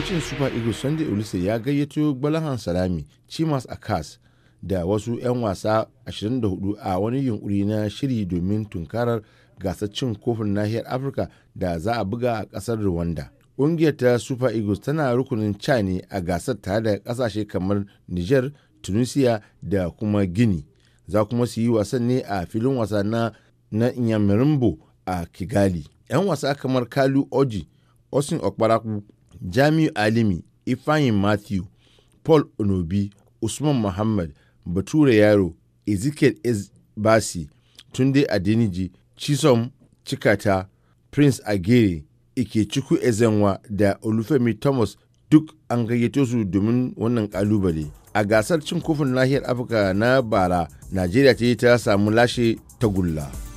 kocin super eagles sunday olise ya gayyato gbalahan salami chimas akas da wasu 'yan wasa 24 a wani yunkuri na shiri domin tunkarar gasar cin kofin nahiyar afirka da za a buga a kasar rwanda ƙungiyar ta super eagles tana rukunin ca a gasar tare da kasashe kamar niger tunisia da kuma gini za kuma su yi wasan ne a filin wasa na na a kigali 'yan wasa kamar kalu oji osin okparaku Jamiu Alimi, ifayin Matthew, Paul Onobi, Usman Muhammad, Bature Yaro, Ezekiel Ezbasi, Tunde Adeniji, Chisom Chikata, Prince Agere, Ikechukwu Ezenwa da Olufemi Thomas duk an gayyato su domin wannan kalubale. A gasar cin kofin nahiyar Afirka na bara, Najeriya yi ta samu lashe tagulla.